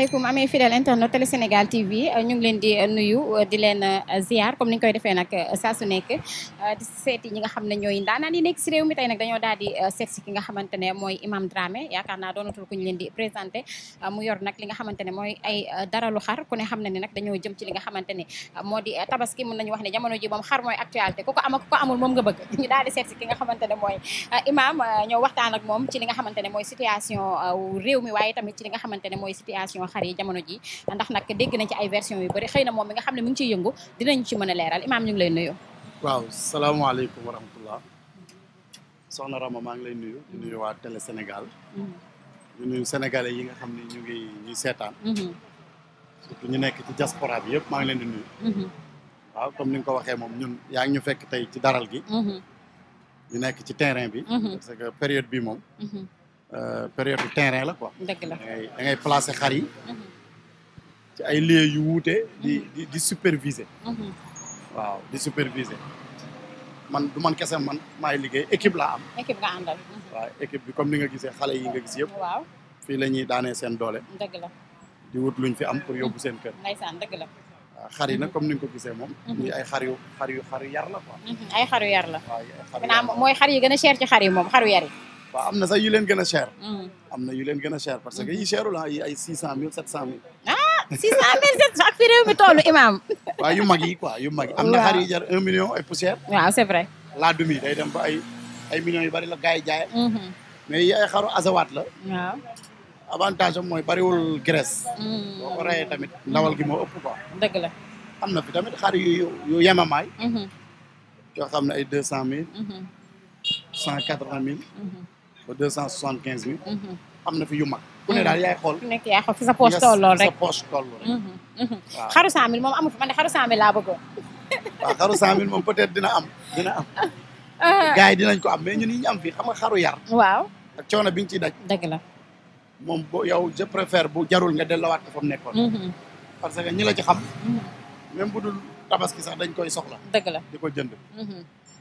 asalaamaaleykum amee fidèle internet télé Sénégal TV ñu ngi leen di nuyu di leen uh, ziar comme ni ñu koy defee nag uh, saa su nekk uh, di seeti ñi nga xam ne ñooy ndaanaan yi nekk daal di seet si ki nga ne mooy Imam a yaakaar naa doonatul ku ñu leen di présenté mu yor nag li nga xamante ne mooy ay daralu xar ku ne xam ne ne nag dañoo jëm ci li nga ne moo di tabaski mën nañu wax ne jamono ji moom xar mooy actualité ko ko amul moom nga bëgg daal di seet si ki nga xamante mooy Imam ñoo waxtaan moom ci li nga xamante mooy situation réew mi waaye tamit ci li nga xamante mooy situation xar yi jamono ji ndax nag dégg na ci ay version yu bëri xëy na moom mi nga xam ne mi ngi ciy yëngu dinañ ci mën a leeral imaam ñu ngi lay nuyu waaw salaamaaleykum wa rahmatullah soxna Rama maa ngi lay nuyu di nuyu waa Télé Sénégal ñu mm-hmm. yi nga xam ne ñu ngi ñuy seetaan mm-hmm. surtout ñu nekk ci diaspora bi yëpp maa ngi leen di nuyu mm-hmm. waaw comme ni nga ko waxee moom ñun yaa ngi ñu fekk tey ci daral gi ñu nekk ci terain bi parce que période bi moom Euh, période terrain la quoi. dëgg la da ngay da ngay placer mhm. ci ay lieux yu wuute. di mhm. di superviser. Mhm. waaw di superviser. man du man kese man maay liggéey équipe la am. équipe nga àndal. équipe bi comme ni nga gisee xale yi nga gis yëpp. waaw fii la daanee seen doole. di wut luñ fi am pour yóbbu seen kër. ndeysaan dëgg la. xar yi nag comme ni nga ko gisee moom. ñuy ay xar yu yu xar yu yar la quoi. ay xar yar la. mooy xar yi gën a cher ci xar yi waaw am na sax yu leen gën a cher. Mm. am na yu leen gën a parce que mm. yi cherul ah ay six cent mille sept cent mille. ah six cent mille sept cent ak fi réew mi tollu imam. waaw yu mag yi quoi yu mag yi. am na xar yi jar million ay poussière. waaw c'est la demi day ay ay millions yu bari la gars yi jaay. Mm-hmm. mais ay xaru azawaat la. mooy bariwul graisse. Mm. boo tamit ndawal gi moo ëpp quoi. dëgg na fi tamit xar yu yu yemamaay. Mm-hmm. yoo xam ay deux cent mil mm-hmm. cent quatre-vingt ba deux cent soixante quinze mille. Mhm. am na fi yu mag. ku ne mhm. daal yaay xool ku nekk yaay xool fi sa poche tolloon rek sa poche tolloon rek. Mhm, waaw xaru cent moom amu fi man de xaru cent mille bëggoon. xaru cent moom peut-être dina am dina am. Ah. gars yi dinañ ko am mais ñun yi ñu am fii xam xaru yar. waaw ak coono bi ñu ciy daj. dëgg la. moom boo yow je préfère bu jarul nga dellawaat ko fa mu nekkoon. parce que ñi la ci xam. même bu dul tabaski sax dañ koy soxla. dëgg la di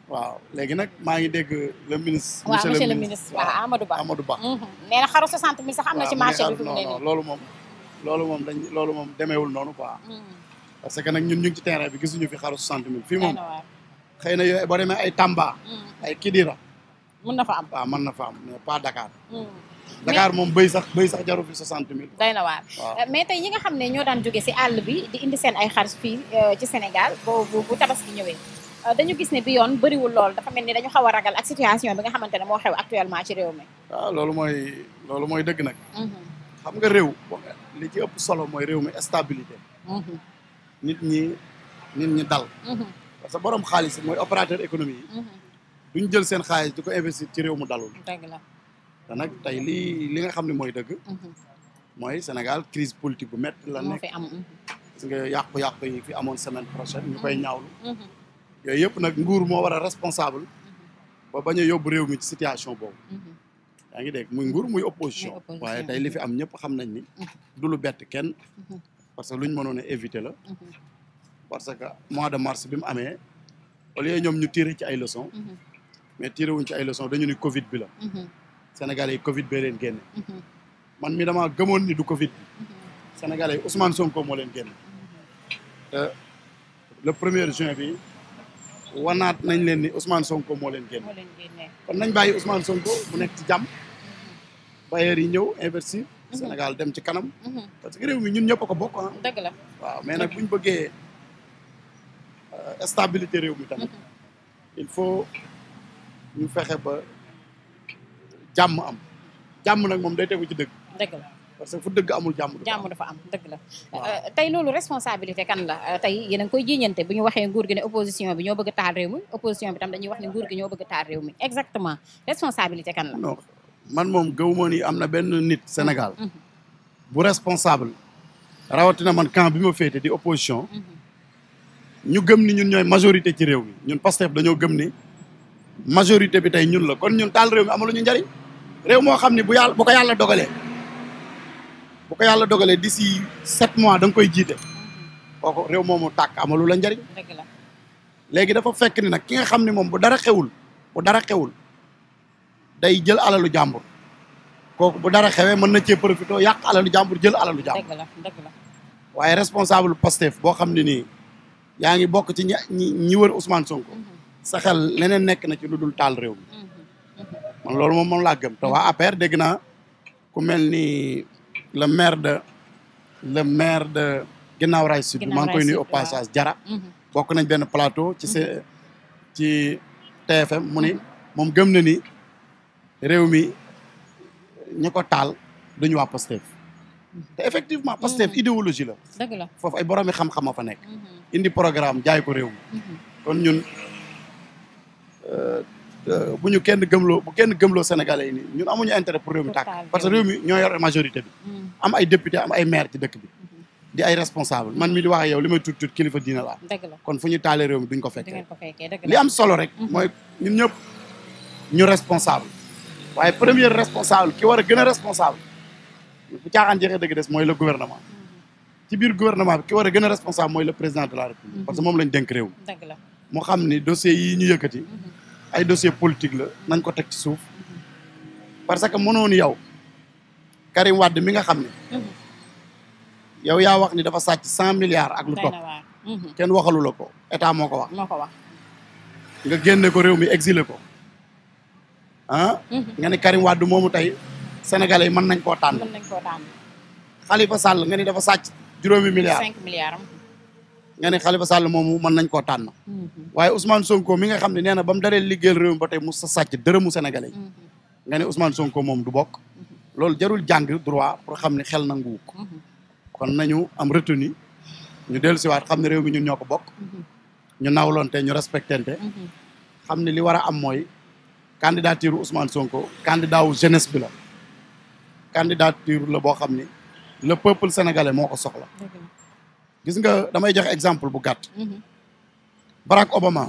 waaw léegi nag maa ngi dégg le ministre. waaw monsieur le ministre waaw Amadou Ba Amadou Ba. Mhm. nee na xaru 60 sax am na ci marché bi. non loolu moom. loolu moom dañ loolu moom demeewul noonu quoi. Mhm. parce que nag ñun ñu ngi ci terrain bi gisuñu fi xaru 60 000. fii moom xëy na yooyu boo demee ay Tamba. Mhm. ay Kidira. mën na fa am waaw mën na fa am mais pas Dakar. Dakar moom béy sax béy sax jaru fi 60 000. day na waar euh, mais te yi nga xam ne ñoo daan joge si àll bi di indi seen ay xar fii euh, ci Sénégal boo bu tabaski ñëwee. Euh, dañu gis ne bi yoon bëriwul lool dafa mel ni dañu xaw a ragal ak situation bi nga xamante ne moo xew actuellement ci réew mi. waaw ah, loolu mooy loolu mooy dëgg nag. Mhm. nga réew li ci ëpp solo mooy réew mi stabilité. Mhm. nit ñi nit ñi dal. Mhm. parce que borom xaalis mooy opérateur économie yi. duñ jël seen xaalis ci ko investir ci réew mu dalul. dëgg la te nag tey lii li nga xam ne mooy dëgg. mooy Sénégal crise politique bu mett lan nekk. moo am. parce que yàqu-yàqu yi fi amoon semaine prochaine ñu koy ñaawlu. yooyu yëpp nag nguur moo war a responsable ba bañ a yóbbu réew mi ci situation boobu mhm. yaa ngi dégg muy nguur muy opposition waaye tey li fi am ñëpp xam nañ ni du lu bett kenn mhm. parce que luñ mënoon a éviter la mhm. parce que mois de mars bi mu amee au lieu ñoom ñu tiire ci ay leçons mais tiré wuñ ci ay leçons dañu ni covid bi la sénégalais yi covid bee leen génne man mi damaa gëmoon ni du covid bi sénégalais yi Ousmane Sonko moo leen génne euh, le premier juin bi wanaat nañ leen ni Ousmane Sonko moo leen génn kon nañ bàyyi Ousmane Sonko bu nekk ci jàmm bailleurs yi ñëw investir mhm. Sénégal dem ci kanam mhm. parce que réew mi ñun ñëpp a ko bokk ah dëgg waaw mais nag bu ñu bëggee euh, stabilité réew mi tamit mhm. il faut ñu fexe ba jàmm am jàmm nag moom day tegu ci dëgg dëgg parce que fu dëgg amul jàmm jàmm dafa am dëgg la euh, tey loolu responsabilité kan la euh, tey yéen a ngi koy jiiñante bu ñu waxee nguur gi ne opposition bi ñoo bëgg taal réew mi opposition bi tam dañuy wax ne nguur gi ñoo bëgg taal réew mi exactement responsabilité kan la non man am na benn nit Sénégal mm-hmm. Mm-hmm. bu responsable rawatina man camp bi ma féete di opposition mm-hmm. ñu gëm ni ñun ñooy majorité ci réew mi ñun Pastef dañoo gëm ni majorité bi tey ñun la kon ñun taal réew mi amalu ñu njariñ réew moo xam ni bu yàlla bu ko yàlla dogalee boo ko yàlla dogalee si sept mois da koy jiite kooku réew moomu tàkk amalu la njëriñ léegi dafa fekk ni nag ki nga xam ne moom bu dara xewul bu dara xewul day jël alalu jàmbur kooku bu dara xewee mën na cee profité yàq alalu jàmbur jël alalu jàmbur waaye responsable Pastef boo xam ne ni yaa ngi bokk ci ñi ñi wër Ousmane Sonko mhm. sa leneen nekk na ci lu dul taal réew mhm. Mhm. man loolu moom moom laa gëm te waa APR dégg ku mel ni le maire de le maire de Guinaw Rail Sud maa koy nuyu au passage Jara mhm. bokk nañ benn plateau ci se mhm. ci TFM mu ni moom gëm na ni réew mi ñu ko taal duñu waa Pastef mhm. te effectivement Pastef idéologie la dëgg la foofu ay boroomi xam-xam fa nekk indi programme jaay ko réew mi kon ñun euh, Euh, bu ñu kenn gëmloo bu kenn gëmloo sénégalais yi ñun amuñu intérêt pour réew mi tàkk parce que réew mi ñoo yor majorité bi mm. am ay député am ay maire ci dëkk bi mm-hmm. di ay responsable man mi di wax ak yow li may tuut tuut kilifa diina la kon fu ñu taalee réew mi duñ ko fekkee li am solo rek mm-hmm. mooy ñun ñëpp ñu responsable waaye premier responsable ki war a gën a responsable bu caaxaan jeexee dëgg des mooy la gouvernement mm-hmm. ci biir gouvernement bi ki war a gën a responsable mooy le président la république parce que moom lañ dénk réew mu xam ni dossier yi ñu yëkkati ay dossier politique la nañ ko teg ci suuf parce que mënoon yow Karim Wade mi nga xam ne mhm. yow yaa wax ni dafa sàcc cent milliards ak lu topp mhm. kenn waxalu la ko état moo ko wax moo ko wax nga génne ko réew mi exilé ko ah mhm. nga ni Karim Wade moomu tey sénégalais yi mën nañ koo tànn mën nañ koo tànn Sall nga ni dafa sàcc juróomi milliards cinq milliards nga ne Khalifa Sall moomu mën nañ koo tànn mhm. waaye Ousmane Sonko mi nga xam ne nee na ba mu daree liggéeyal réew mi ba tey mu sa sàcc dërëmu sénégalais yi mhm. nga ne Ousmane Sonko moom du bokk mhm. loolu jarul jàng droit pour xam ne xel nanguwul ko kon nañu am retenu ñu dellu siwaat xam ne réew mi ñun ñoo ko bokk ñu nawlonte ñu respectente xam ne li war a am mooy candidature Ousmane Sonko candidat wu jeunesse bi la candidature boo xam ne le peuple sénégalais moo ko gis nga damay joxe exemple bu gàtt. Mhm. Barack Obama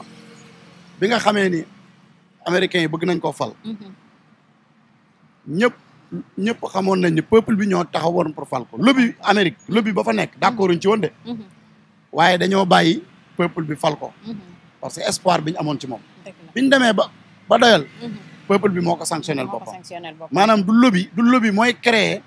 bi nga xamee ni américains yi bëgg nañ ko fal. Mhm. ñëpp ñëpp nañ ni peuple bi ñoo taxawoon pour fal ko lobby Amérique lobby ba fa nekk d'accord mhm. ñu ci woon de. waaye dañoo bàyyi peuple bi fal ko. parce que espoir bi ñu amoon ci moom. bi demee ba ba doyal. peuple bi moo ko sanctionnel boppam maanaam du lobby du lobby mooy créer.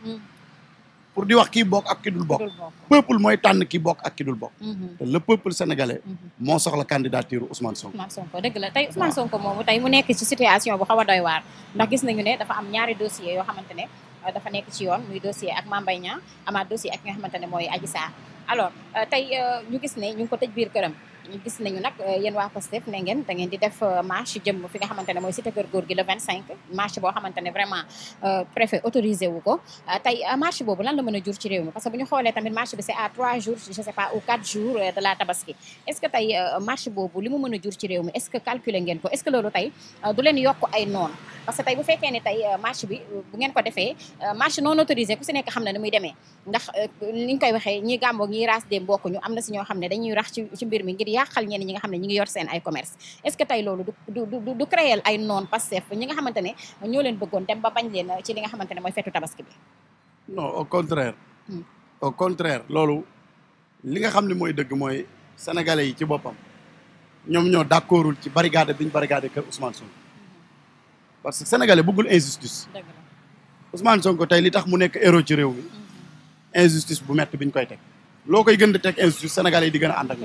pour di wax kii bokk ak ki dul bokk peuple mooy tànn ki bokk ak ki dul bokk mhm. te le peuple sénégalais mhm. moo soxla candidature Ousmane Sonko Ousmane Sonko dëgg la tey Ousmane Sonko moomu tey mu nekk ci situation bu xaw a ndax gis nañu ne dafa am ñaari dossier yoo xamante ne euh, dafa nekk ci yoon muy dossier ak Mame Mbaye Niang amaat dossier ak nga xamante ne mooy Adji Sarr alors euh, tey euh, ñu gis ne ñu ngi ko tëj biir këram gis nañu nag euh, yéen waa Pastef ne ngeen di def euh, marche jëm fi nga xamante mooy cité kër góor gi le 25 euh, a jur ci réew mi parce que bu ñu xoolee tamit marche bi c'est à la marche boobu li mu a jur ci réew mi est-ce que calculer ngeen ko est-ce que loolu tey du leen yokk ay noonu parce que tey bu fekkee ne tey marche bi bu ngeen ko defee marche non autorisée ku si nekk xam na ni muy demee ndax ni ñu koy waxee ñi gàmmoog ñi raas dem bokkuñu am na si ñoo xam ne dañuy rax ci mbir mi ngir yàqal ñenn ñi nga xam ne ñi ngi yor seen ay commerce est-ce que tey loolu du du du créer ay noon Pastef ñi nga xamante ne ñoo leen bëggoon dem ba bañ leen ci li nga xamante ne mooy fetu tabaski bi non au contraire hmm. loolu li nga xam ne mooy dëgg mooy sénégalais yi ci boppam ñoom ñoo d'accordul ci barricade bi ñu barricade kër Ousmane Sonko parce que sénégalais bëggul injustice Ousmane Sonko tey li tax mu nekk héros ci réew mi hmm. injustice bu mett bi ñu koy teg loo koy gën di teg injustice sénégalais yi di gën a ànd ak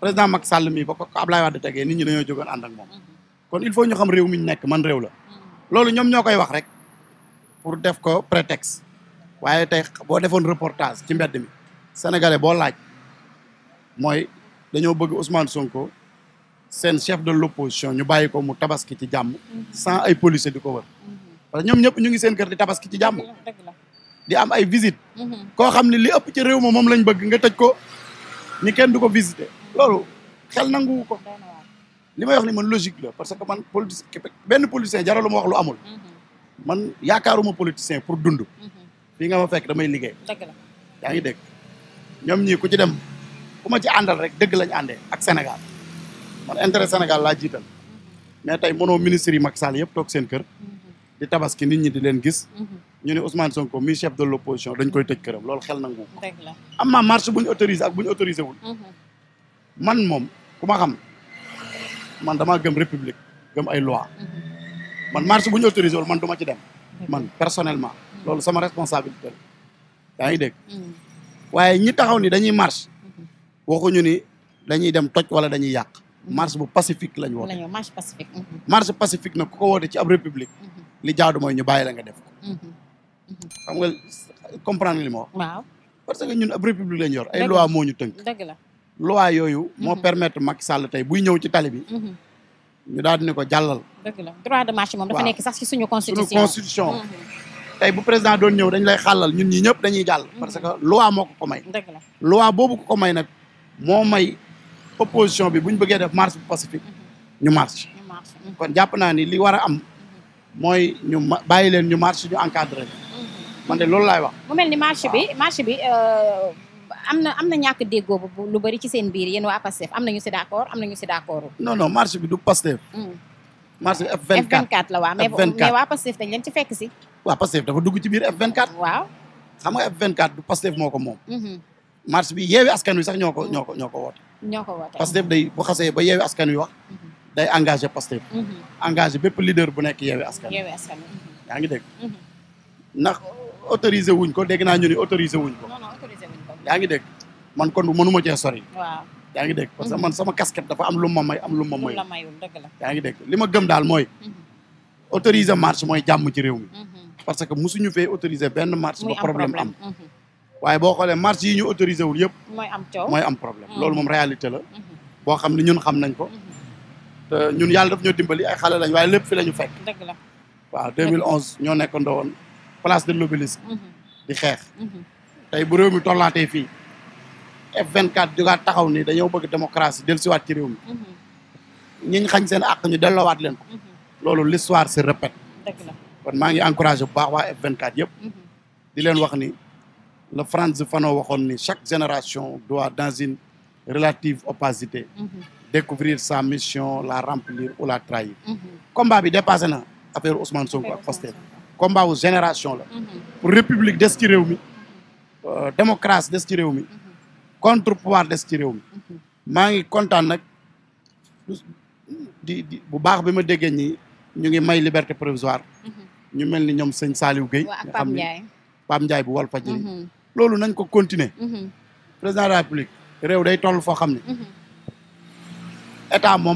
président mak Sall mi ba ko Ablaye Wade tegee nit ñi dañoo jógoon ànd ak moom kon il faut ñu xam réew mi ñu nekk man réew la loolu ñoom ñoo koy wax rek pour def ko prétexte waaye tey boo defoon reportage ci mbedd mi sénégalais boo laaj mooy dañoo bëgg Ousmane Sonko seen chef de l'opposition ñu bàyyi ko mu tabaski ci jàmm sans ay policiers di ko wër parce ñoom ñëpp ñu ngi seen kër di tabaski ci jàmm di am ay visite mm-hmm. koo xam ne li ëpp ci réew ma moom lañ bëgg nga tëj ko ni kenn du ko visiter loolu xel nanguwu ko li may wax ni man logique la parce que man politique benn politicien jaralu ma wax lu amul mhm. man yaakaaruma politicien pour dund mhm. fii nga ma fekk damay liggéey yaa ngi dégg ñoom ñii ku ci dem ku ma ci àndal rek dëgg lañ àndee ak Sénégal man intérêt Sénégal laa jiital mhm. mais tey mënoo ministre yi Macky Sall yëpp toog seen kër di tabaski nit ñi di leen gis ñu ne Ousmane Sonko mi chef de l'opposition dañ koy tëj këram loolu xel nangu ko am naa marche bu ñu autorisé ak bu ñu autorisé man moom ku ma xam man damaa gëm république gëm ay loi mhm. man marché bu ñu autorisé wul man du ci dem man personnellement loolu sama responsabilité la yaa ngi dégg mhm. waaye ñi taxaw ni dañuy marche mhm. waxuñu ni dañuy dem toj wala dañuy yàq marche bu pacifique lañ woote marche pacifique marche pacifique nag ku ko woote ci ab république li jaadu mooy ñu bàyyi la nga def ko xam nga comprendre li ma wax parce que ñun ab république lañ yor ay loi moo ñu tënk loi yooyu. moo mhm. permettre Macky Sall tey buy ñëw ci tali bi. Mhm. ñu daal ko jàllal. dëgg la droit de marche moom dafa nekk sax suñu constitution suñu constitution. Mhm. tey bu président doon ñëw dañ lay xàllal ñun ñi ñëpp dañuy jàll. parce que loi moo ko ko may. dëgg la loi boobu ko ko may nag moo may opposition bi bu ñu bëggee def marche bu pacifique ñu marche. kon jàpp naa ni li war a am mooy ñu bàyyi leen ñu marché ñu encadré. man de loolu laay wax. mu mel ni marche bi marche bi. Euh, am na am na ñàkk déggoo bu lu bari ci seen biir yéen waa Pastef am na ñu si d'accord am na ñu si d'accord. non non marche bi du Pastef. Mm. marche F24 F24 la waaw. F24 mais waa Pastef dañ moo ko moom. Mm-hmm. marche bi yeewi askan wi sax ñoo ko ñoo ko ñoo ko woote. ñoo ko woote Pastef day bu xasee ba askan wi wax. Mm-hmm. day engagé Pastef. Mm-hmm. engagé bépp leader bu nekk yeewi askan wi. yeewi askan yaa ngi dégg. ndax autorisé wuñ ko dégg naa ñu ni autorisé wuñ ko. yaa ngi dégg man kon mënuma cee sori. yaa ngi dégg parce que mm-hmm. man sama casquette dafa am lu ma may am lu ma mayul. yaa ngi dégg li ma gëm daal mooy. Mm-hmm. autorisé marché mooy jàmm ci réew mi. Mm-hmm. parce que musuñu fee autoriser benn marche. ba problème am waaye boo xoolee marche yi ñu autorisé wul yëpp. mooy am coow mooy am problème. loolu moom réalité la. boo xam ne ñun xam nañ ko. ñun yàlla daf ñoo dimbali ay xale lañ waaye lépp fi la ñu fekk. dëgg la waaw 2011 ñoo nekkandoo woon place de l'Obélisque. di xeex. tey bu mi tollaatee fii F24 jógaat taxaw ni dañoo bëgg démocratie dellusiwaat ci réew mi mm-hmm. ñi ñu xañ seen àq ñu delloowaat leen ko mm-hmm. loolu l'histoire se répète kon maa ngi encouragé bu baax waa F24 yëpp mm-hmm. di leen wax ni le Frantz Fanon waxoon ni chaque génération doit dans une relative opacité découvrir sa mission la remplir u la trahir combat bi dépassé na affaire Ousmane Sonko ak Pastef combat wu génération la pour république des ci réew mi Euh, démocratie des ci réew mi contre pouvoir des ci réew mi maa ngi kontaan nag di bu baax bi ma déggee ñi ñu ngi may liberté provisoire ñu mel ni ñoom sëñ Saliou Guèye nga xam ni Pape Ndiaye bu Walfadjri mhm. loolu nañ ko continuer mhm. président de la république réew day toll foo xam ne mhm. état moo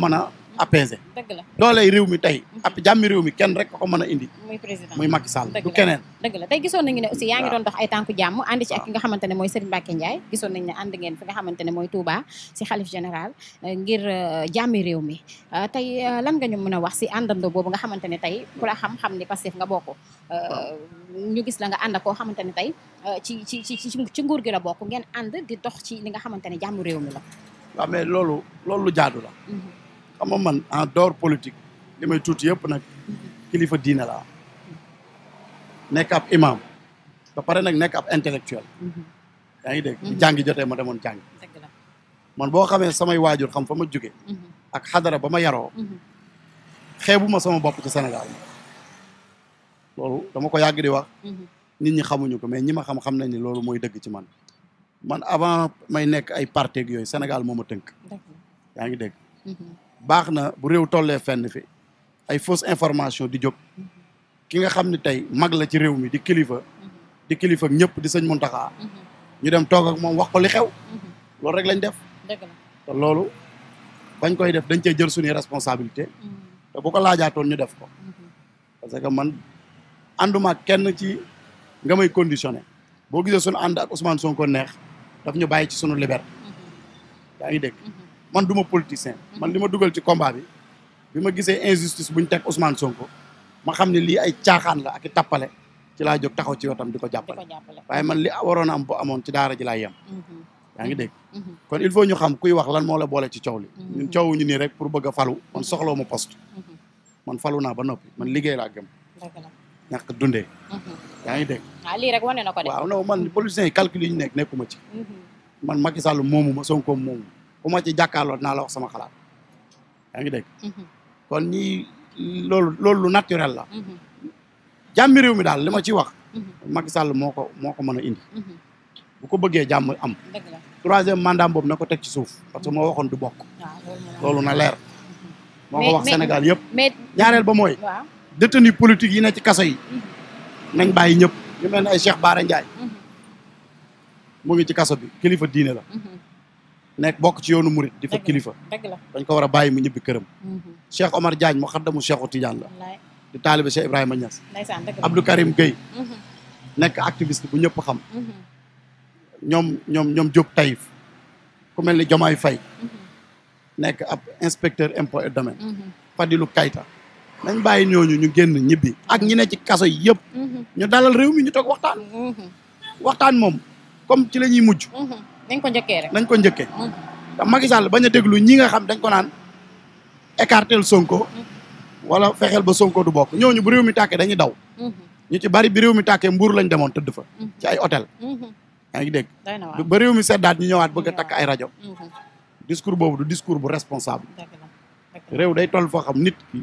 apaisé. dëgg la dooley réew mi tey. Mhm. ab jàmmi réew mi kenn rek ko mën a indi. muy président muy Macky Sall du keneen. tey gisoon nañu ne aussi yaa ngi doon dox ay tànku jàmm. ànd ci ak ki nga xamante ne mooy Serigne Mbacké Ndiaye gisoon nañu ne ànd ngeen fi euh, euh, jàmmi réew mi euh, tey lan nga ñu mën a wax si àndandoo boobu nga xamante ne tey ku la xam-xam ni Pastef nga bokk. ñu gis la nga ànd ak koo xamante ne tey ci ci ci ci nguur gi la bokk ngeen ànd di dox ci li nga xamante ne jàmm réew mi la. waaw loolu loolu jaadu la mhm. xam nga man en dehors politique li may tuuti yëpp nag kilifa diine laa nekk ab imam ba pare nag nekk ab intellectuel mm-hmm. yaa ngi dégg mm-hmm. jàngi jotee ma demoon jàngi man boo xamee samay waajur xam fa ma jóge mm-hmm. ak xadara ba ma yaroo xeebu ma sama bopp ci Sénégal loolu dama ko yàgg di wax nit ñi xamuñu ko mais ñi ma xam xam nañ ni loolu mooy dëgg ci man man avant may nekk ay parti yooyu Sénégal moo ma tënk yaa ngi dégg baax na bu réew tollee fenn fi ay fausse information di jóg ki nga xam ne tey mag la ci réew mi di kilifa di kilifa ñëpp di sëñ Muntaxa ñu dem toog ak moom wax ko li xew loolu rek lañ def te loolu bañ koy def dañ cee jël suñuy responsabilité te bu ko laajaatoon ñu def ko parce que man ànduma kenn ci nga may conditionné boo gisee suñu ànd ak son ko neex daf ñu bàyyi ci sunu liberté yaa ngi dégg man du ma politicien man li ma dugal ci combat bi bi ma gisee injustice bu ñu teg Ousmane Sonko ma xam ne lii ay caaxaan la ak i tappale ci laa jóg taxaw ci wetam di ko jàppale waaye man li waroon a am bu amoon ci daara ji laay yam mhm. yaa ngi dégg mhm. kon il faut ñu xam kuy wax lan moo la boole ci coow li mhm. ñun ñu nii rek pour bëgg a falu man soxlawu ma poste man falu naa ba noppi man liggéey laa gëm ñàkk dundee yaa ngi dégg ah, waaw lii man politiciens yi calcul yi ñu nekk ma ci man Macky Sall moomu ma Sonko moomu bu ma ci jàkkaarloo dinaa la wax sama xalaat yaa ngi dégg mhm. kon loolu loolu lu naturel la mhm. jàmmi réew mi daal li ma ciy wax mhm. mag Sall moo ko moo ko mën a indi bu ko bëggee jàmm am troisième mandat boobu na ko teg ci suuf parce que moo waxoon du bokk ah, loolu na leer moo ko wax Sénégal yëpp ñaareel ba mooy détenu politique yi ne ci kaso yi nañ bàyyi ñëpp ñu mel ne ay Cheikh Bara Ndiaye mu ngi ci kaso bi kilifa diine la nekk bokk ci yoonu murit di fa kilifa dañ ko war a bàyyi mu ñibbi këram mhm. Cheikh Omar Diagne mu xaddamu Cheikhu Tidiane la di taalibe Cheikh Ibrahima Niass Abdou Karim Gueye mhm. nekk activiste bu ñëpp xam mhm. ñoom ñoom ñoom Diop Taïf ku mel ni Jomaay fay nekk ab inspecteur impôt et domaine Fadilou Kayta nañ bàyyi ñooñu ñu génn ñibbi ak ñi ne ci kaso yi yëpp ñu dalal réew mi ñu toog waxtaan waxtaan moom comme ci la ñuy mujj nañ ko njëkkee rek nañ ko njëkkee. ndax Macky Sall déglu ñi nga xam dañ ko naan écartel Sonko. wala fexeel ba Sonko du bokk ñooñu bu réew mi tàkkee dañuy daw. ñu ci bari bi réew mi tàkkee mbuur lañ demoon tëdd fa. ci ay hôtel. yaa ngi dégg. ba réew mi seddaat ñu ñëwaat bëgg a takk ay rajo. discours boobu du discours bu responsable. réew day toll foo xam nit ki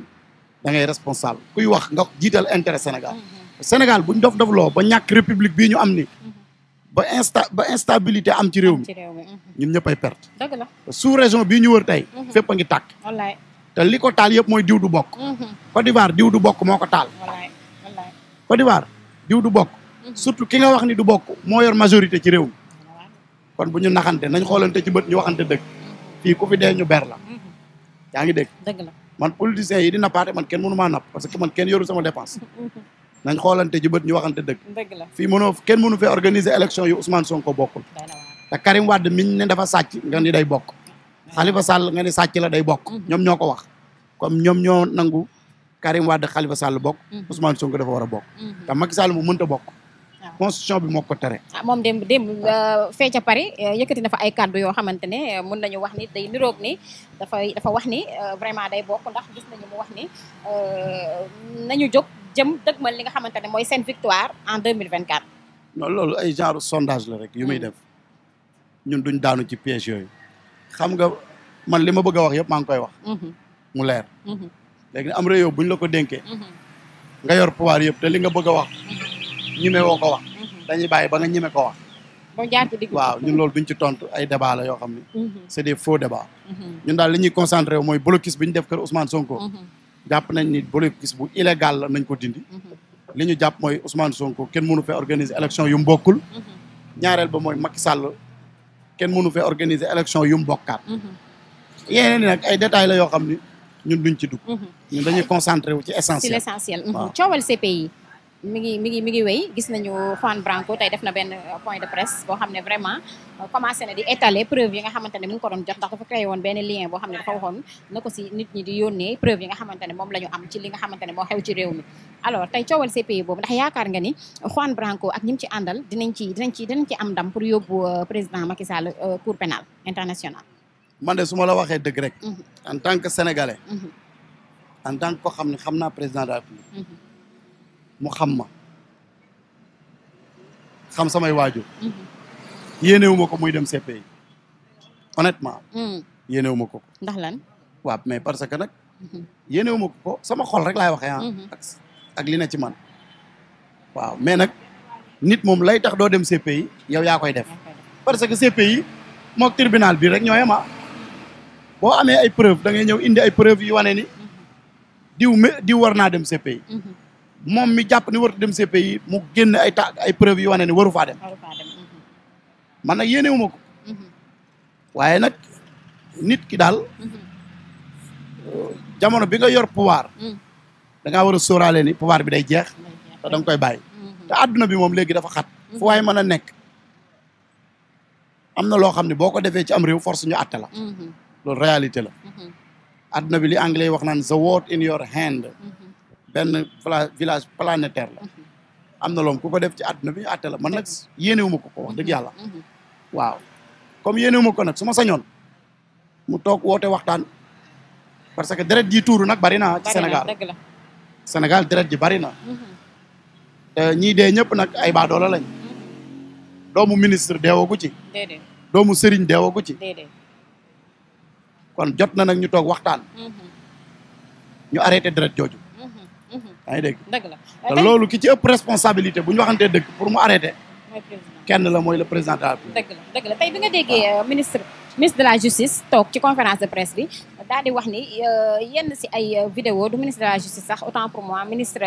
responsable kuy wax nga jiital intérêt Sénégal. Sénégal buñ dof dofloo ba ñàkk république bii ñu am ni ba ba instabilité am ci réew mi mhm. ñun ñëpp ay perte. dëgg la sous région bii ñu wër tey. Mhm. fépp a ngi tàkk. wallaay te li ko taal yëpp mooy diw du bokk. Mhm. Côte d'Ivoire diw du bokk moo ko taal. wallaay diw du bokk. surtout ki nga wax ni du bokk moo yor majorité ci réew mi. kon bu ñu naxante nañ xoolante ci bët ñu waxante dëgg. fii ku fi dee ñu ber la. yaa ngi dégg. dëgg la man politiciens yi di nappaate man ken mënu maa napp parce que man kenn yoru sama dépense. nañ xoolante ji bët ñu waxante dëgg. dëgg la fii mënoo kenn mënu fee organiser élection yu Ousmane Sonko bokkul. te Karim Wade miñ ne dafa sàcc nga ni day bokk. a Sall nga ni sàcc la day bokk. Mhm. ñoom ñoo ko wax comme ñoom ñoo nangu Karim Wade Khalifa Sall bokk. Mhm. Ousmane Sonko dafa war a bokk. Mhm. te Macky Sall mu mënta bokk. constitution bi moo ko tere. ah moom démb démb euh, fee ca Paris euh, yëkkati na fa ay kàddu yoo xamante ne euh, mun nañu wax ni day niroog ni dafay dafa wax ni vraiment day bokk nañu mu jëm dëgmal li nga xamante ne mooy seen victoire en deux mille vingt quatre. non loolu ay genre sondage la rek yu muy mm. def ñun duñ daanu ci piège yooyu xam nga man li ma bëgg wax yëpp maa ngi koy wax. Mm-hmm. mu leer. Mm-hmm. léegi am réew buñ la ko dénkee. Mm-hmm. nga yor pouvoir yëpp te li nga bëgg a wax. ñime woo ko wax. dañuy bàyyi ba nga ñime ko wax. ba jaar ci digg waaw ñun loolu duñ ci tontu ay débat la yoo xam ne. c'est de fo débats. ñun daal li ñuy concentré wu mooy blocus bi ñu def kër Ousmane Sonko. jàpp nañ ni blocus bu illégal nañ ko dindi mhm. li ñu jàpp mooy Ousmane Sonko kenn mënu fee organiser élection yu mbokul mhm. ñaareel ba mooy Macky Sall kenn mënu fee organiser élection yu mbokkaat bokkaat mhm. yeneen ay détails la yoo xam ni ñun duñ ci dugg ñun dañuy concentré wu ci essentiel ci l'essentiel coowal CPI mi ngi mi ngi mi ngi wéy gis nañu Juan Branco tey def na benn euh, point de presse boo xam ne vraiment euh, commencé na di étaler preuve yi nga xamante ne mu ngi ko doon jox ndax dafa créé woon benn lien boo xam ne dafa waxoon na ko si nit ñi di yónnee preuve yi nga xamante ne moom la ñu am ci li nga xamante ne moo xew ci réew mi alors tey coowal CPI boobu ndax yaakaar nga ni Juan Branco ak ñi mu ci àndal dinañ ci dinañ ci dinañ ci am ndam pour yóbbu euh, président Macky Sall cour pénale internationale man de su ma la waxee dëgg rek mhm. en tant que sénégalais mhm. en tant que koo xam ne xam naa président de la République mhm. mu xam ma xam samay waajur mm-hmm. yéenewu ko muy dem CPI honnêtement mm. yéenewu ma ko ndax lan waaw mais parce que nag mm-hmm. yéenewu ma ko sama xol rek laay waxee ah mm-hmm. ak li na ci man waaw mais nag nit moom lay tax doo dem CPI yow yaa koy def parce que CPI mook tribunal bi rek ñoo ma ah. boo amee ay preuve da ngay ñëw indi ay preuve yu wane ni diw diw war naa dem CPI moom mi jàpp ni warut dem CPI mu génn ay ay preuve yu wane ne waru faa dem mhm. man nag yéene ko mhm. waaye nag nit ki daal mhm. jamono bi nga yor pouvoir da ngaa war a sóoraale ni pouvoir bi day jeex te da koy bàyyi te adduna bi moom léegi dafa xat fu waaye mën a nekk am na loo xam ne boo ko defee ci am réew force ñu atte la loolu réalité la adduna bi li anglais wax naan the word in your hand benn village planétaire la mhm. am na loom ku ko def ci àdduna bi ñu la man nag yéenewuma ko ko wax dëgg yàlla mhm. waaw comme yéenewuma ko nag su ma sañoon mu toog woote waxtaan parce que deret ji tuuru nag bari na ci Sénégal Sénégal deret ji bari na mhm. ñii dee ñëpp nag ay baadoola lañ doomu ministre deewagu ci doomu sëriñ deewagu ci kon jot na nag ñu toog waxtaan ñu arrêté deret jooju yaa ngi la loolu ki ci ëpp responsabilité bu ñu waxantee dëgg pour mu arrêté. kenn la mooy le président de la République. dëgg la tey bi déggee euh, ministre de la justice toog ci conférence de presse bi daal di wax ni euh, yenn si ay euh, vidéo du ministre de la justice sax autant pour moi ministre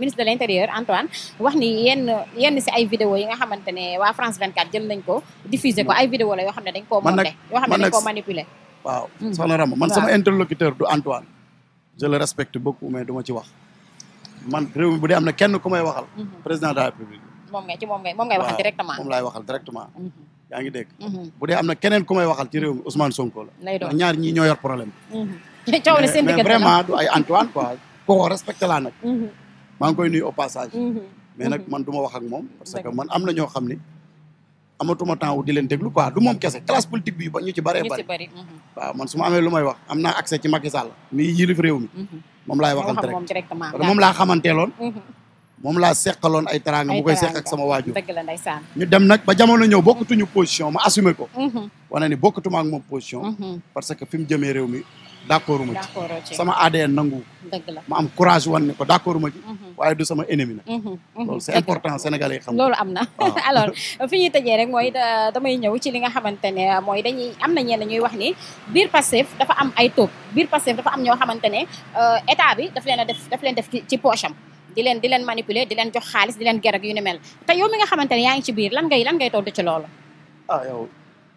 ministre de l' intérieur Antoine wax ni yenn yenn si ay vidéo yi nga xamante ne waa France 24 jël nañ ko diffuser ko hmm. ay vidéo la yoo xam ne dañ koo monté yoo xam ne dañ koo manipuler waaw hmm. soxna Rama man sama interlocuteur du Antoine je le respecte beaucoup mais du ma ci wax man réew mi bu dee am na kenn ku may waxal. Mhm. président de la république. moom ngay ci moom ngay moom ngay waxal directement moom laay waxal directement. Mhm. yaa ngi dégg. Mhm. bu dee am na keneen ku may waxal ci réew mi Ousmane Sonko la. lay doon ñaar ñii ñoo yor problème mais vraiment du ay Antoine quoi. kooku respecté laa nag. maa ngi koy nuyu au passage. mais nag man du ma wax ak moom. parce que man am na ñoo xam ni. amatuma temps wu di leen déglu quoi du moom kese classe politique bi ba ñu ci bëree bëri. man su ma amee lu may wax am na accès ci Macky Sall mi yilif réew mi. moom laay waxal direct moom directement moom laa xamanteeloon. Mhm. moom laa seqaloon ay teraanga mu koy seq ak sama waajur dëgg la ñu dem nag ba jamono ñëw bokkatuñu position ma assumé ko mhm. wane ni bokkatuma ak moom position mhm. parce que fi mu jëmee réew mi d' accord ma sama ADN nangu. dëgg la ma am courage wan ko d' accord mhm. waaye du sama ennemi nag. Mhm. Mhm. loolu important sénégalais yi xam ah. mooy damay ñëw ci li nga wax ni biir Pastef dafa am ñoo xamante euh, état bi daf leen a def ci poche di leen manipuler di leen jox xaalis di leen gerek yu ni mel te yow mi nga xamante ci biir lan ngay lan ngay tontu ci loolu. ah yow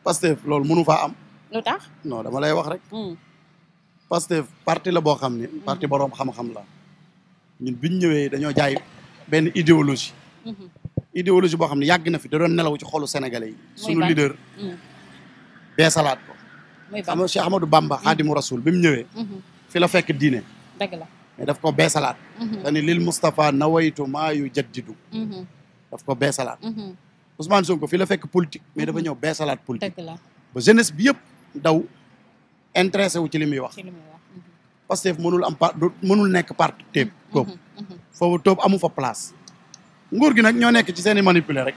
Pastef loolu mënu faa am. lu tax non dama lay wax rek. Hmm. Pastef parti la boo xam ne mm-hmm. parti boroom xam-xam la ñun biñ ñëwee dañoo jaay benn idéologie mm-hmm. idéologie boo xam ne yàgg na fi da doon nelaw ci xolu sénégalais yi suñu leader mm. beesalaat ko xam nga Cheikh Ahmadou Bamba mm. xaadimu rasul bi mu ñëwee mm-hmm. fi la fekk diine dëgg la daf ko beesalaat dani lil Moustapha nawaytu maa yu jaddidu daf ko beesalaat Ousmane Sonko fi la fekk politique mais dafa ñëw beesalaat politique ba jeunesse bi yëpp daw intéressé wu ci li muy wax mhm. Pastef mënul am part mënul nekk parti téeb tóob mhm, mhm, foofu tóob amu fa place nguur gi nag ñoo nekk ci seen i manipuler rek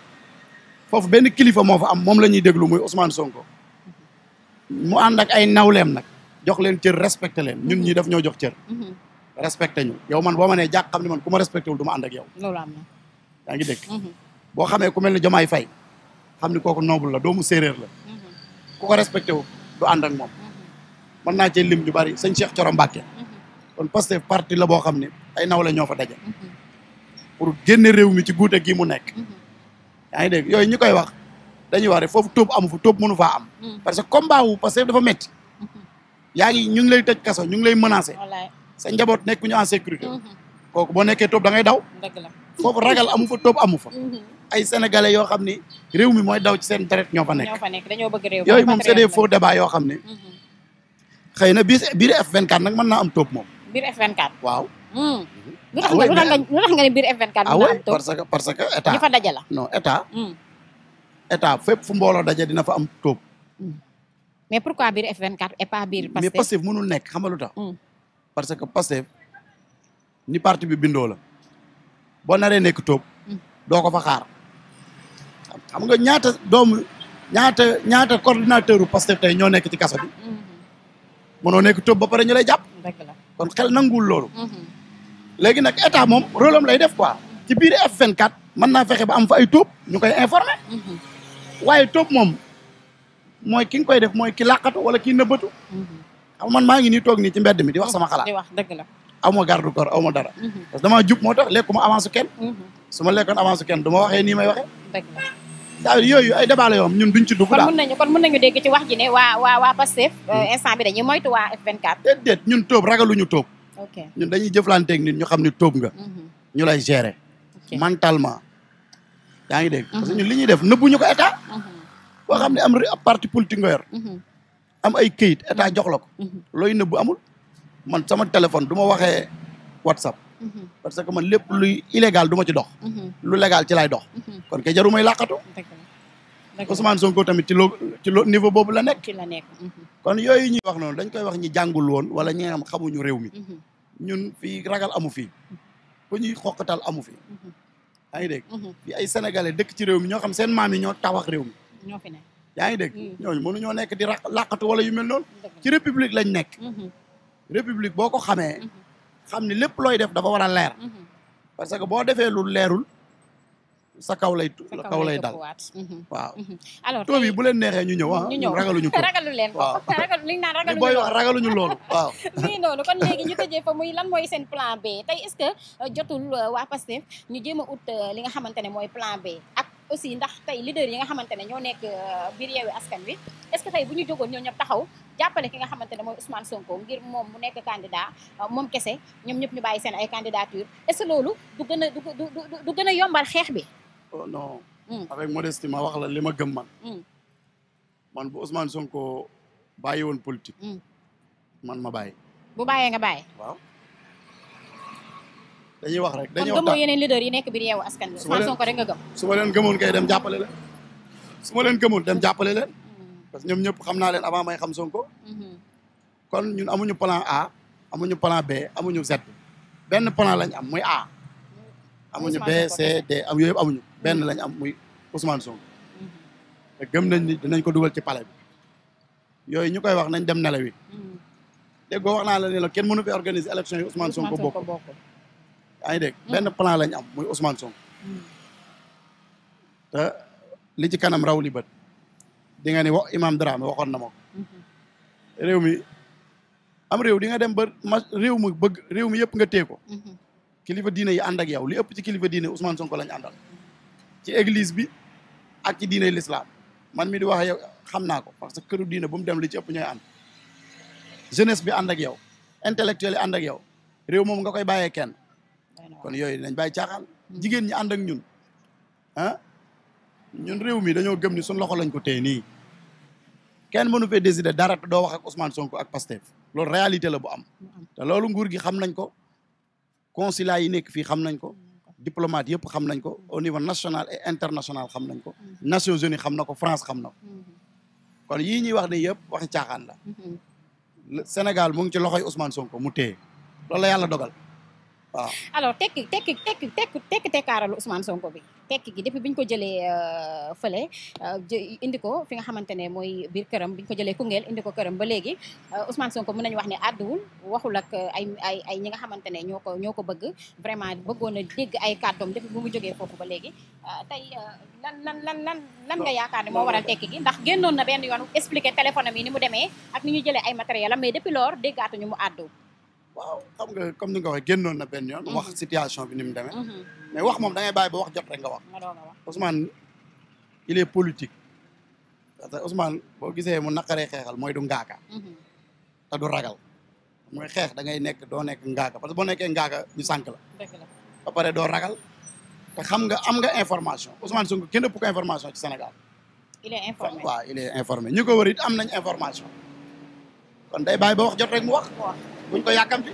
foofu benn kilifa moo fa am moom la ñuy déglu muy Ousmane Sonko mu ànd ak ay nawleem nag jox leen cër respecté leen ñun ñi daf ñoo jox cër respecte ñu yow man boo manee nee jàq xam ne man ku ma respecté wul du ma ànd ak yow loolu am na ngi dégg boo xamee ku mel ne Jomaay Fay xam ni kooku noble la doomu séeréer la ku ko respecté wul du ànd ak moom mën naa cee lim ñu bari sëñ Cheikh Coro Mbàkke mm-hmm. kon Pastef parti la boo xam ne ay naw la ñoo fa daje mm-hmm. pour génne réew mi ci guute gi mu nekk mm-hmm. yaa ngi dégg yooyu ñu koy wax dañuy wax rek foofu toob amu fa tóob mënu faa am parce que combat wu Pastef dafa metti yaa ngi ñu ngi lay tëj kaso ñu ngi lay menacé sa njaboot nekk ñu en sécurité kooku boo nekkee tóob da daw foofu ragal amu fa tóob amu fa ay sénégalais yoo xam ne réew mi mooy daw ci seen deret ñoo fa nekk yooyu moom c'est des faux yoo xam ne xëy na biir biir f nag mën naa am topp moom. biir f waaw. Hmm. Ah lu tax nga lu tax ne biir F24. mën ah naa am topp parce que parce que hmm. état fépp fu mbooloo daje dina fa am topp. mais pourquoi biir F24 et pas biir Pastef. mais Pastef nekk xam nga lu tax. Hmm. parce que Pastef ni parti bi bindoola la boo naree nekk topp. doo ko fa xaar xam nga ñaata doomu ñaata ñaata coordinateur u Pastef tey ñoo nekk ci kaso bi. mënoo nekk tëb ba pare ñu lay jàpp. kon xel nanguwul loolu. Mhm. léegi nag état moom rôle lay def quoi. ci biir F24 mën naa fexe ba am fa ay top ñu koy informer. Mhm. waaye tëb moom mooy ki nga koy def mooy ki làqatu wala ki nëbbatu. Mhm. xam man maa ngi nii toog nii ci mbedd mi di wax sama xalaat. di wax dëgg la. aw ma garde corps aw ma dara. parce que damaa jub moo tax lekkuma avance kenn. su ma lekkoon avance kenn du ma waxee nii may waxee. daa yooyu ay débat la yoo xam ñun duñ ci dugg daal kon mën nañu kon mën nañu dégg ci wax ji ne waa waa waa Pastef hmm. euh, instant bi dañuy moytu waa F24 déedéet ñun tóob ragaluñu tóob ok ñun dañuy jëflanteeg nit ñu xam ne toog nga mhm. ñu lay gérer mentalement yaa ngi dégg parce que mhm. ñun li ñuy def ñu ko état mhm. koo xam ne am parti politique nga yor am ay këyit état jox la ko looy nëbbu amul man sama téléphone du ma waxee WhatsApp Mhm. parce que man lépp luy illégal du ma ci dox. Mhm. lu légal ci laay dox. Mhm. kon ke jaru may làqatu. Ousmane Sonko tamit ci lo lo niveau boobu la nekk. ci la nekk. kon yooyu ñuy wax noonu dañ koy wax ñi jàngul woon wala ñi nga xam xamuñu réew mi. ñun fii ragal amu fi. ku ñuy xoqatal amu fi. yaa ngi dégg. fii dëkk ci réew mi ñoo xam seen maam yi ñoo tawax réew mi. ñoo fi nekk. yaa ngi nekk di làqatu wala yu mel noonu. ci république lañ nekk. république boo ko xamee. xam ni lépp looy def dafa war a leer. Mhm. parce que boo defee lu leerul sa kaw lay. sa kaw lay dal mhm. waaw. Mhm. alors taux bi bu leen neexee ñu ñëw ah. ñu ñëw ragaluñu ko ragalu leen ko. waaw ragalu li ñu naan ragaluñu booy wax ragaluñu loolu waaw. nii noonu kon léegi ñu tëjee fa muy lan mooy seen plan B tey est-ce que euh, jotul euh, waa Pastef ñu jéem a ut euh, li nga xamante ne mooy plan B. aussi ndax tey leader yi nga xamante ne ñoo nekk euh, biir yeewi askan wi est ce que tey bu ñu jógoon ñoo ñëpp taxaw jàppale ki nga xamante ne mooy Ousmane Sonko ngir moom mu nekk candidat euh, moom kese ñoom ñëpp ñu bàyyi seen ay candidature est ce que loolu du gën a du du yombal xeex bi oh hmm. avec modestie ma wax la li ma gëm man hmm. man bu Ousmane Sonko bàyyi woon politique hmm. man ma bàyyi bu bàyyee nga bàyyi dañuy wax rek dañuy waxtaan gëmoo yeneen leader yi nekk biir yeewu askan bi Ousmane Sonko rek nga su ma leen gëmoon kay dem jàppale leen su ma leen gëmoon dem jàppale leen mm-hmm. parce que ñoom ñëpp xam naa leen avant may xam Sonko mm-hmm. kon ñun amuñu plan A amuñu plan B amuñu Z benn plan lañ am muy A amuñu B C D am yooyu amuñu benn lañ am muy Ousmane Sonko mm-hmm. te gëm nañ ko dugal ci palais bi yooyu ñu koy wax nañ dem nelawi dégg nga wax naa la ne la kenn mënu fi organiser élection yi Ousmane Sonko bokk yaa ngi mm. benn plan lañ am muy Ousmane Sonko mm. te li ci kanam raw li bët di nga ni wax Imam Dramé waxoon na ma mm-hmm. réew mi am réew di nga dem ba ma réew mi bëgg réew mi yëpp nga téye ko mm-hmm. kilifa diine yi ànd ak yow li ëpp ci kilifa diine Ousmane Sonko lañ àndal mm-hmm. ci église bi ak ci diine l'islam man mi di wax xam naa ko parce que këru diina ba mu dem li ci ëpp ñooy ànd jeunesse bi ànd ak yow intellectuel yi ànd ak yow réew moom nga koy bàyyee kenn kon yooyu nañ bàyyi caaxaan hmm. jigéen ñi ànd ak ñun ah ñun réew mi dañoo gëm ni suñ loxo lañ ko téye nii kenn mënu fee décider dara doo wax ak Ousmane Sonko ak Pastef loolu réalité la bu am hmm. te loolu nguur gi xam nañ ko consulat yi nekk fii xam nañ ko hmm, diplomate yëpp xam nañ ko au niveau national et international xam nañ ko Nations Unies xam na ko France xam na ko kon yii ñuy wax ne yëpp waxi caaxaan la Sénégal mu ngi ci loxoy Ousmane Sonko mu té loolu la yàlla dogal waaw alors tekk tekki tekk tekki tekki tekkaaralu Ousmane Sonko bi tekki gi depuis bi ñu ko jëlee euh, fële euh, indi ko fi nga xamante ne mooy biir këram bi ñu ko jëlee Koungheul indi ko këram ba léegi euh, Ousmane Sonko mën nañu wax ne àdduwul waxul ak ay ay ay ñi nga xamante ne ñoo ko ñoo ko bëgg vraiment bëggoon a dégg ay kàddoom depuis bu jógee foofu ba léegi tey lan lan lan lan lan nga yaakaar ne moo waral tekki gi ndax génnoon na benn yoon expliqué téléphone am yi ni mu demee ak ni ñu jëlee ay matériel am mais depuis lors déggaatuñu mu àddu waaw xam nga comme ni nga ko génnoon na benn yoon. wax mhm. situation bi ni mhm. mais wax moom da ngay ba wax jot rek nga wax. Ousmane il est politique. parce que boo gisee mu naqaree xeexal mooy du ngaaka. Mhm. te du ragal. mooy xeex dangay nekk doo nekk ngaaka parce que boo nekkee ngaaka ñu sànq la. a pare doo ragal. te xam nga am nga information Ousmane Sonko kenn ëpp ko information ci Sénégal. il est informé waaw il est ko am nañ information. kon day bàyyi ba wax jot rek mu wax. buñ ko yàkkamti.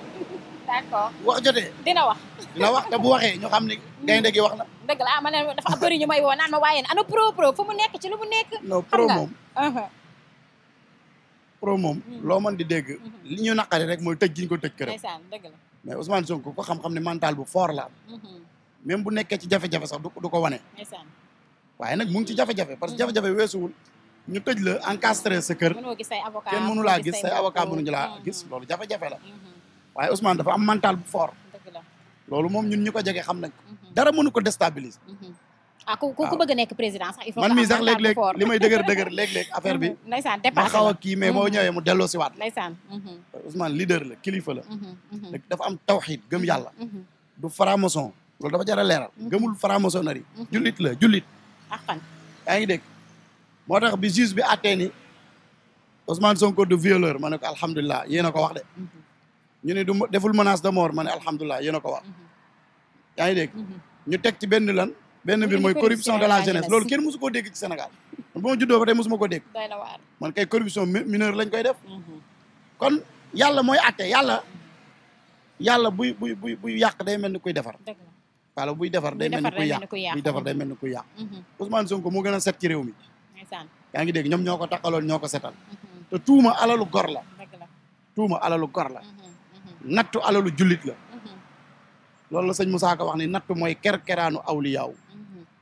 d'accord wax jotee. dina wax. dina wax te bu waxee ñu xam ne gaynde gi wax na. dëgg la ah man dafa may woo naan ma waaye ana pro pro fu mu nekk ci lu mu nekk. xam pro moom. Uh-huh. pro moom. Hmm. loo mën di dégg. Mm-hmm. li ñu naqari rek mooy tëj gi ko tëj këram. ndeysaan dëgg mais Ousmane Sonko ko xam-xam ne mental bu fort la mm-hmm. même bu nekkee ci jafe-jafe sax du ko du ko wane. waaye nag mu ngi ci jafe-jafe parce que mm-hmm. jafe-jafe weesuwul. ñu tëj la encastré sa kër. mënoo gis say avocat kenn mënu ñu gis laa mm-hmm. gis loolu jafe-jafe la. Mm-hmm. waaye Ousmane dafa am mantal bu foor loolu moom ñun ñu ko jege xam nañ ko. Mm-hmm. dara mënu ko déstabiliser. ah ku ku nekk président sax il faut man mii sax li may dëgër dëgër léeg-léeg affaire bi. ndeysaan dépassé ma xaw a kii mais boo ñëwee mu delloo si waat. ndeysaan. Ousmane leader la kilifa la. dafa am tawxiid gëm yàlla. du franc-maçon loolu dafa jar a leeral. gëmul franc-maçonnerie. jullit la jullit. ah fan. ngi dégg moo tax bi juge bi àttee ni Ousmane Sonko du violeur ma ne ko alhamdulilah yéen ko wax de mhm. ñu ne du deful menace de mort ma ne alhamdulilah yéen ko wax mhm. yaa ngi dégg mhm. ñu teg ci benn lan benn mbir mooy corruption de la jeunesse loolu kenn mosu koo dégg ci Sénégal man ba ma juddoo ba tey mosuma ko dégg man kay corruption mineure lañ koy def kon yàlla mooy àtte yàlla yàlla buy buy buy buy yàq day mel ni kuy defar wala buy defar day mel ni kuy yàq buy defar day mel ni kuy yàq Sonko moo gën a set ci réew mi yaa ngi dégg ñoom ñoo ko takkaloon ñoo ko setal mm-hmm. te tuuma alalu gor la tuuma alalu la mm-hmm, mm-hmm. nattu alalu julit la loolu la sëñ Moussa Ka wax nattu mooy kerkeraanu awliyaaw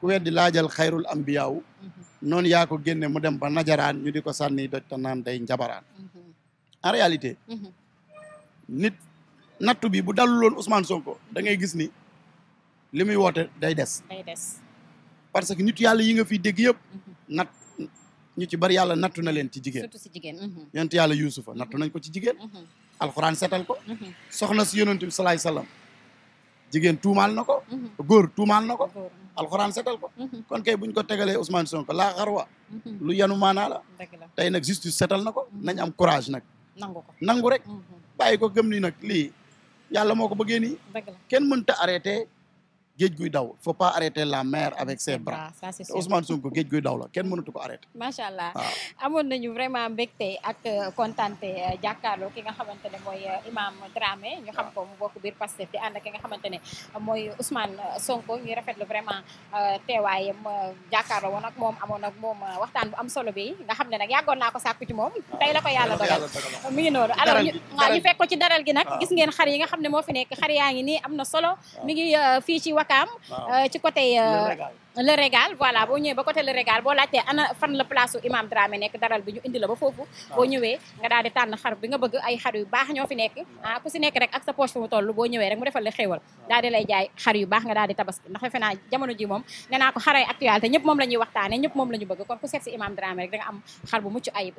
ku weddi laajal xayrul ambiyaaw noonu yaako ko génne mu dem ba najaraan ñu di ko sànni doj ta naan day njabaraan en réalité nit nattu bi bu daluloon usman Sonko da ngay gis ni li muy woote day des parce que nit yàlla yi nga fi dégg yëpp natt ñu ci bari yàlla nattu na leen ci jigéen surtout si jigéen mhm. yonent yàlla yuusufa nattu nañ ko ci jigéen mhm. alxuraan seetal ko mhm. soxna si yonent bi salaay salaam jigéen tuumaal na ko góor tuumaal na ko alxuraan seetal ko kon kay buñ ko tegalee Ousmane Sonko la xarwa lu yanu maanaa la tey nag justice seetal na ko nañ am courage nag nangu ko nangu rek bàyyi ko gëm ni nag lii yàlla moo ko bëggee nii kenn géej guy daw il faut pas arrêter la mer avec ses bras te Ousmane Sonko géej guy daw la kenn mënatu ko arrêter macha allah amoon nañu vraiment mbégte ak euh, kontante euh, jàkkaarloo ki nga xamante euh, ak ki nga xamante ne mooy Ousmane Sonko ñuy rafetlu vraiment teewaayam jàkkaarloo woon ak moom waxtaan bu am solo bi nga xam ne nag yàggoon naa ko sàkku moom tey la ko yàlla mi ngi noonu alors ñu fekk ko daral gi gis ngeen xar yi xam ne moo fi ngi nii am na solo mi ngi fii Wakaam. ci côté. le régal voilà boo ñëwee ba côté le régal boo laajtee ana fan la place u imam Dramé nekk daral bi ñu ba foofu boo ñëwee nga daal di xar bi nga bëgg ay xar yu baax ñoo fi nekk ah ku si nekk rek ak poche fu mu toll boo ñëwee rek mu defal la xéewal daal di lay jaay xar yu baax nga daal di tabaski ndax ji moom nee naa ko xaray actualité ñëpp moom la ñuy waxtaane ñëpp moom la bëgg kon ku seet imam Dramé rek nga am xar bu mucc ayib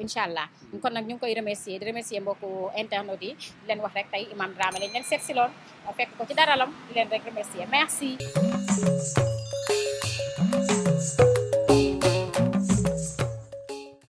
allah hmm. ko